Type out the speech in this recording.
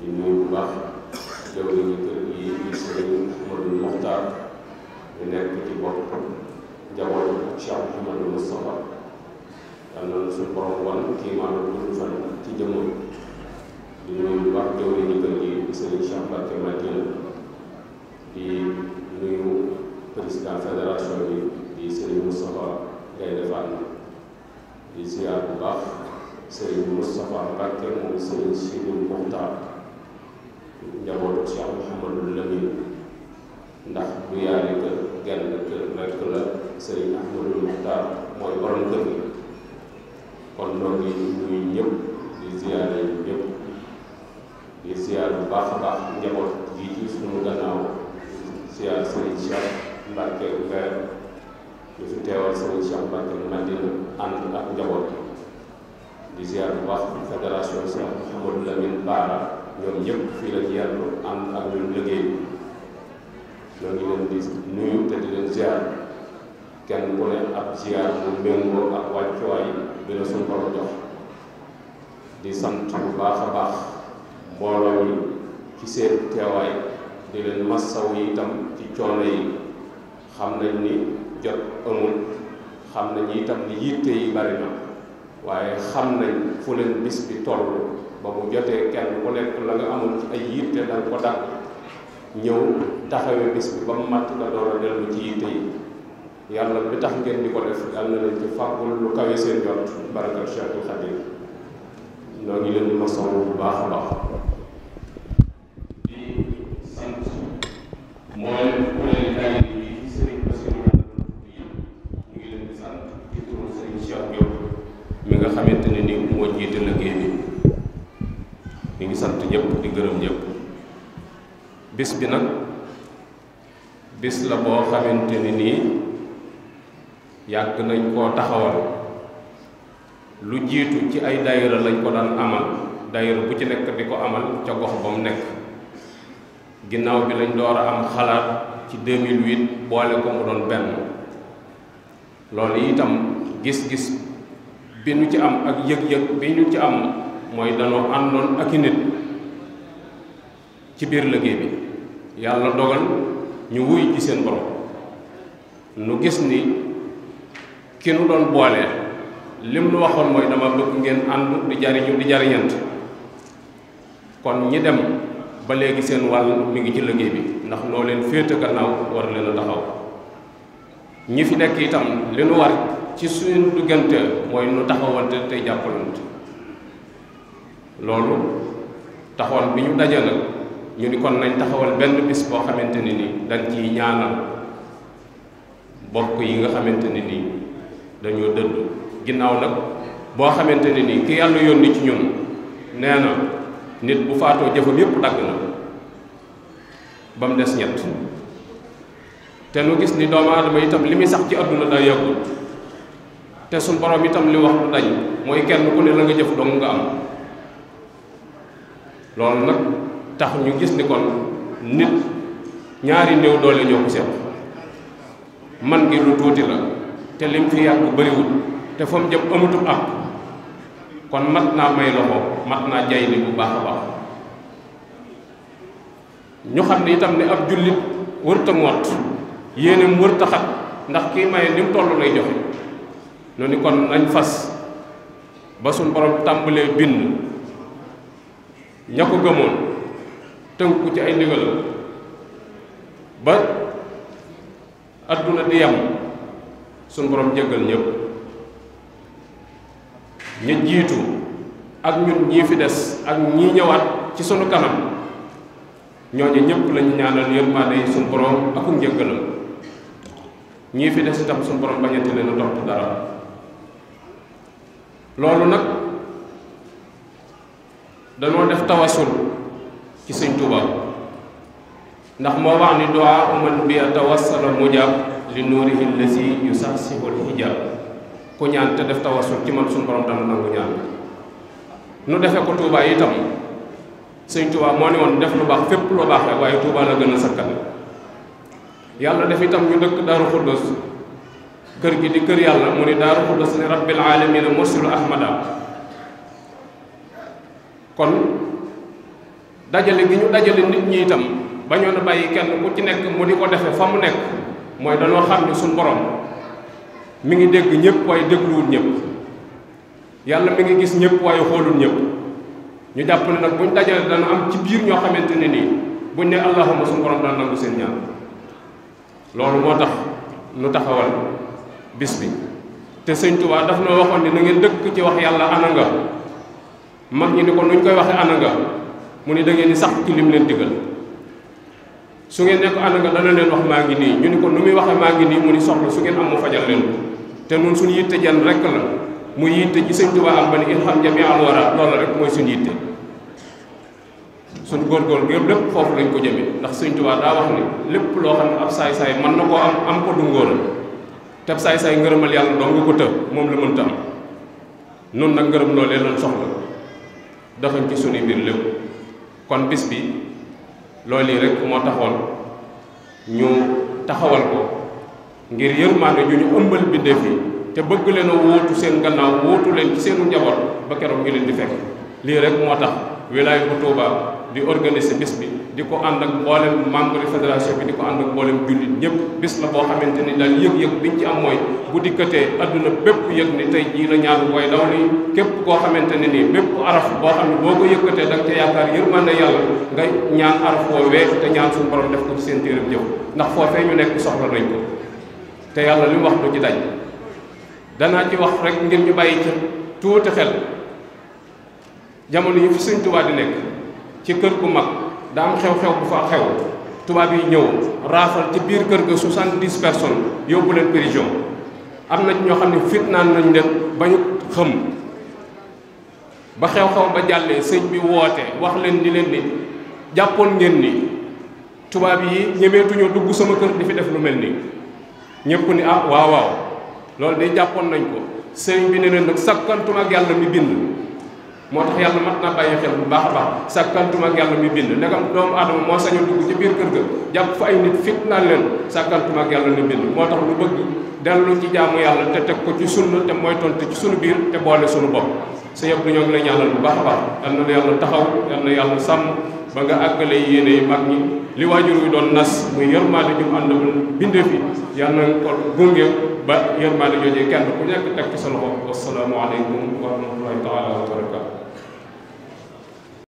di nuyu baax jaww ji ñu kër yi di sëriñ Ahmadul Moxtaar di nekk ci bopp njaboot Cheikh Ahmadul Moustapha yal na suñu borom wan kii maanaam bu ñu fan ci jëmmam di baax jaww ji ñu kër yi di sëriñ Cheikh Mbacke Madina di nuyu président fédération bi di sëriñ Moustapha Gaye Defaan di baax sëriñ Moustapha Mbacke moom sëriñ njabootu Cheikh Mouhamadul Lamin ndax du yaari kër genn kër rekk la sëriñ mooy borom gi kon noo ngi nuyu di ziyaare ñëpp di ziyaar bu baax a baax njaboot gi ci suñu gannaaw ziyaar sëriñ Cheikh Mbacke Mbacke ñu fi teewal sëriñ Madina ànd ak njaboot di ziyaar bu baax fédération Cheikh Lamin Baara ñoom ñëpp fii la ñu yàllu ànd ak ñun liggéey ñoo ngi leen di nuyu te di leen ziar kenn ku ne ab ziar bu méngoo ak wàccuwaay bi la suñu borom jox di sant bu baax a baax mbooloo yi ci seen teewaay di leen massaw yi itam ci coono yi xam nañ ni jot amul xam nañ itam ni yitte yi bari na waaye xam nañ fu leen bis bi toll ba mu jotee kenn ku nekk la nga amul ci ay yitte da nga ko dàq ñëw taxawee bis bi ba mu matt nga door a dellu ci yitte yi yàlla bi tax ngeen di ko def yàlla na leen ci fàggul lu kawe seen jot barakal Cheikhul Khadim ñoo ngi leen di masoŋ bu baax a jiite liggéey ini satu ngi sant ñëpp di ñëpp bis bi bis la boo ini, ni nii yàgg nañ Luji taxawal lu jiitu ci ay daayira lañ ko daan amal daayira bu ci nekk di amal ca gox ba nek nekk bi lañ door am xalaat ci 2008 boole ko mu doon benn loolu itam gis-gis bi nu ci am ak yëg-yëg bi ñu ci am mooy danoo àndoon ak i nit ci biir liggéey bi yàlla dogal ñu wuy ci seen borom nu gis ni ki nu doon boolee lim lu waxoon mooy dama bëgg ngeen ànd di jariñu di jariñant kon ñi dem ba léegi seen wàll mi ngi ci liggéey bi ndax loo leen féete gannaaw war leen a taxaw ñi fi nekk itam li nu war ci suñu duggante mooy nu taxawante tey jàppalante loolu taxoon bi ñu daje ñu ni kon nañ taxawal benn bis boo xamante ne ni dañ ciy ñaanal bokk yi nga xamante ne ni dañoo dëdd ginnaaw nag boo xamante ne ni ki yàlla yónni ci ñun nee na nit bu faatoo jëfam yépp dagg na ba mu des ñett te nu gis ni doomu aadama itam li muy sax ci aduna da yagul te sun borom itam li wax lu dañ mooy kenn ku ne la nga jëf dong nga am loolu nag tax ñu gis ni kon nit ñaari néew doole ñoo ko seet man gi lu tuuti la te lim fi yàgg bëriwul te fa mu jëm amatul ak kon mat naa may loxo mat naa jay ni bu baax a baax ñu xam ne itam ne ab jullit wërta ngoot yene wër taxat ndax ki maye nim tollu lay joxe noni kon nañ fas ba sun borom tambale bin ñako ko gëmoon ci ay ndigal ba aduna di yam sun borom jéggal ñëpp ñi jiitu ak ñun ñi fi dess ak ñi ñëwaat ci sunu kanam ñoñu ñëpp lañu ñaanal yërmande sun borom akum ñi fi dess tam sun borom bañati leen topp dara loolu nag dañoo def tawasul ci sëñ touba ndax mo wax ni doa umman bi tawassala mujab li nurihi allazi yusahsihul hijab ko ñaan te def tawasul ci man sun borom dana nangu ñaan nu defe ko tuuba itam sëñ touba mo ni won def lu bax fepp lu bax rek waaye la gëna sakkal yàlla def itam ñu dëkk daaru khuddus kër gi di kër yalla mu ni daaru khuddus ni rabbil alamin mursilu ahmada kon dajale gi ñu dajale nit ñi itam bañoon na bayyi kenn ku ci nekk mu di ko defé fa mu nekk mooy danoo xam ni sun borom mi ngi dégg ñepp way dégglu ñepp yalla mi ngi gis ñepp way xolul ñepp ñu japp ni nak buñ dajale dana am ci biir ño xamanteni ni buñ ne allahumma sun borom da nangu seen ñaan loolu moo tax nu taxawal bis bi te sëñ Tuubaa daf noo waxoon ne na ngeen dëkk ci wax yàlla ana nga mag ñi ni ko nuñ koy waxe ana nga mu ni dangeen ngeen di sax ci lim leen digal su ngeen ne ko ana nga dana leen wax maa ngi nii ñu ni ko nu muy waxe maa ngi nii mu ni soxla su ngeen am mu fajal leen te nun suñu yitte jan rekk la muy yitte ji sëñ Tuubaa am ba ni ilham jami al wara loolu rek mooy suñu yitte suñu góorgóorlu yëpp lépp foofu lañ ko jëmee ndax Sëñ Tuubaa daa wax ni lépp loo xam ne ab saay-saay mën na koo am am ko dungoor te ab saay-saay ngërëmal yàlla dong nga ko të moom la mën am noonu nag ngërëm loolee lañ soxla dafañ ci suñu mbir lépp kon bis bi loolu yi rek moo taxoon ñu taxawal ko ngir yërmaande ju ñu ëmbal bindéef yi te bëgg leen a wóotu seen gannaaw wóotu leen ci seenu njaboot ba keroog ñu leen di fekk lii rek moo tax wilaaya bu Tuubaa di organiser bis bi di ko ànd ak mboolem membre fédération bi di ko ànd ak mboolem jullit ñëpp bis la boo xamante ni daal yëg-yëg biñ ci am mooy bu dikkatee adduna bépp yëg ni tey jii la ñaan booy daw ni képp koo xamante ne nii bépp araf boo xam ne boo ko yëkkatee da nga ca yaakaar yërmande yàlla nga ñaan araf boo weex te ñaan suñu borom def ko ci seen téeram jëf ndax foofee ñu nekk soxla nañ ko te yàlla li mu wax du ci daj danaa ci wax rek ngir ñu bàyyi ci tuuti xel jamono yi fi Sëñ di nekk ci kër gu mag da am xew-xew bu fa xew tubaab yi ñëw raafal ci biir kër ga soixante-dix personnes yóbbu leen prison am na ñoo xam ne fitnaan nañ leen ba ñu xëm ba xew-xew ba jàllee sëñ bi woote wax leen ni leen ni jàppoon ngeen ni tubaab yi ñemeetuñoo dugg sama kër di fi def lu mel nii ñëpp ni ah waaw waaw loolu de jàppoon nañ ko sëñ bi ne leen nag sakkantumaak yàlla mi bind motax yalla mat na baye xel bu baax a baax sàkkantuma ak yàlla mi bind ndegam doom adam mo sañu dug ci bir keur ga japp fa ay nit fitna len sa sàkkantuma ak yalla ni bind motax lu bëgg dellu ci jaamu yalla te tek ko ci sunna te moy tontu ci sunu bir te boole sunu bop sa yëpp ñoo ngi lay ñaanal bu baax baax yal na yalla taxaw yalla yalla sam ba nga àggale yene mag ñi li wajuru doon nas muy yermale ju andul ànd fi yalla ko gunge ba yermale jojé kenn ku ñek teg ci sunu bop wasalaamu alaykum wa rahmatullahi taala wa barakatuh